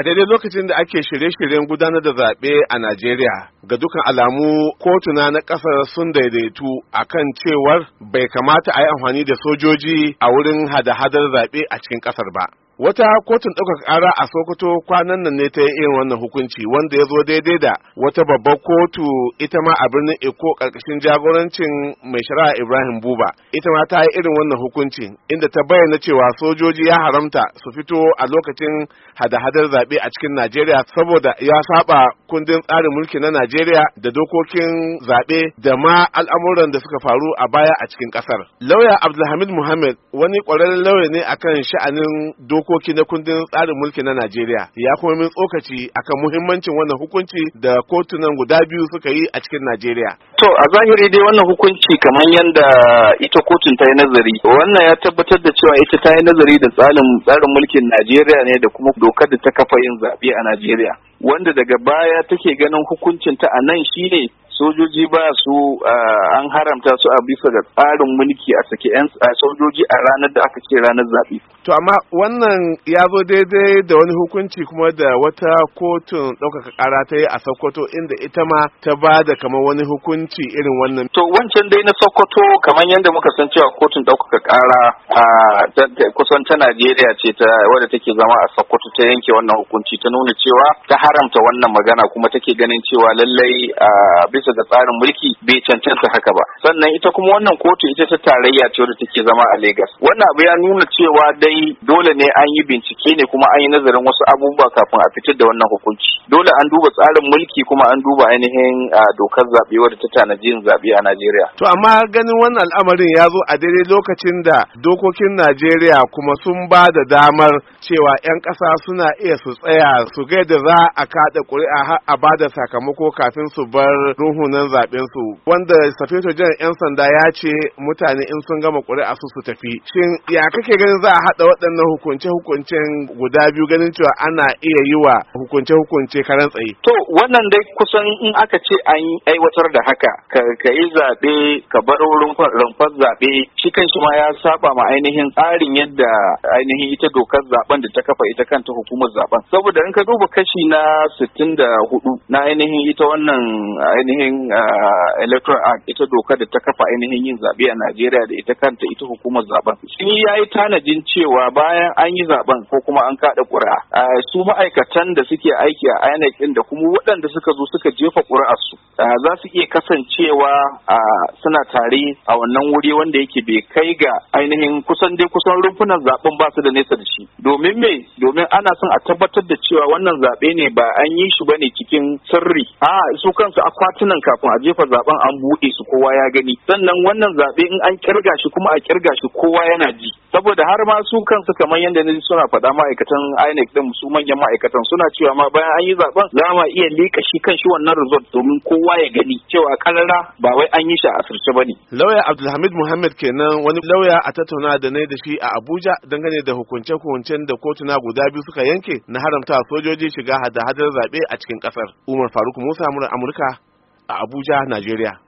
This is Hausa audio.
a daidai lokacin da ake shirye-shiryen gudanar da zaɓe a Najeriya ga dukan alamu kotuna na ƙasar sun daidaitu a kan cewar bai kamata a yi amfani da sojoji a wurin hada-hadar zaɓe a cikin ƙasar ba. wata kotun ɗaukar ƙara a sokoto kwanan nan ne ta yi irin wannan hukunci wanda ya zo daidai da wata babbar kotu ita ma a birnin eko ƙarƙashin jagorancin mai shari'a ibrahim buba ita ma ta yi irin wannan hukunci inda ta bayyana cewa sojoji ya haramta su fito a lokacin hada-hadar zaɓe a cikin najeriya saboda ya saba kundin tsarin mulki na najeriya da dokokin zaɓe da ma al'amuran da suka faru a baya a cikin ƙasar lauya abdulhamid muhammad wani ƙwararren lauya ne akan sha'anin dokokin dokoki na kundin tsarin mulki na Najeriya ya kuma min tsokaci akan muhimmancin wannan hukunci da kotunan guda biyu suka yi a cikin Najeriya. To a zahiri dai wannan hukunci kamar yadda ita kotun ta yi nazari wannan ya tabbatar da cewa ita ta yi nazari da tsarin mulkin Najeriya ne da kuma dokar da ta kafa yin zaɓe a Najeriya. Wanda daga baya take ganin hukuncin ta a nan shine sojoji ba su an haramta su a bisa ga tsarin mulki a sake yan sojoji a ranar da aka ce ranar zaɓe. To amma wannan ya zo daidai da wani hukunci kuma da wata kotun ɗaukaka ƙara ta yi a Sokoto inda ita ma ta ba da kamar wani hukunci irin wannan. To wancan dai na Sokoto kamar yadda muka san cewa kotun ɗaukaka ƙara kusan ta Najeriya ce ta wadda take zama a Sokoto ta yanke wannan hukunci ta nuna cewa ta haramta wannan magana kuma take ganin cewa lallai a bisa Daga da tsarin mulki bai cancanta haka ba sannan ita kuma wannan kotu ita ta tarayya ce wadda take zama a Legas wannan abu ya nuna cewa dai dole ne an yi bincike ne kuma an yi nazarin wasu abubuwa kafin a fitar da wannan hukunci dole an duba tsarin mulki kuma an duba ainihin dokar zaɓe wadda ta tanaji yin zaɓe a Najeriya to amma ganin wannan al'amarin ya zo a daidai lokacin da dokokin Najeriya kuma sun ba da damar cewa 'yan ƙasa suna iya su tsaya su gaida za a kaɗa ƙuri'a a ba da sakamako kafin su bar ruhu runhunan zaben su wanda safeto jan yan sanda ya ce mutane in sun gama ƙuri'a su su tafi shin ya kake ganin za a haɗa waɗannan hukunce hukuncen guda biyu ganin cewa ana iya yi wa hukunce hukunce karan tsaye to wannan dai kusan in aka ce an aiwatar da haka ka yi zaɓe ka bar rumfar zaɓe shi kanshi ma ya saba ma ainihin tsarin yadda ainihin ita dokar zaben da ta kafa ita kanta hukumar zaben saboda in ka duba kashi na 64 na ainihin ita wannan ainihin ainihin electoral act ita doka da ta kafa ainihin yin zaɓe a Najeriya da ita kanta ita hukumar zaɓen. Sun ya yi tanadin cewa bayan an yi zaben ko kuma an kaɗa ƙuri'a su ma'aikatan da suke aiki a INEC ɗin da kuma waɗanda suka zo suka jefa ƙuri'a Ah, za su iya kasancewa ah, suna tare a wannan wuri wanda yake bai kai ga ainihin kusan dai kusan rumfunan zaben ba su da nesa da shi domin me domin ana son a tabbatar da cewa wannan zaɓe ne ba an yi shi bane cikin sirri a ah, su kansu akwatunan kafin a jefa zaben an buɗe su kowa ya gani sannan wannan zaɓe in an kirga shi kuma a kirga shi kowa yana ji saboda har ma su kansu kamar yadda na suna faɗa ma'aikatan INEC din su manyan ma'aikatan suna cewa ma bayan an yi zaben za mu iya lika shi kan shi wannan resort domin kowa kowa ya gani cewa karara ba wai an yi shi a asirce ba ne. Lauya Abdulhamid Muhammad kenan wani lauya a tattauna da na da shi a Abuja dangane da hukunce-hukuncen da kotuna guda biyu suka yanke na haramta sojoji shiga hada-hadar zaɓe a cikin ƙasar. Umar Faruk Musa Amurka a Abuja, Najeriya.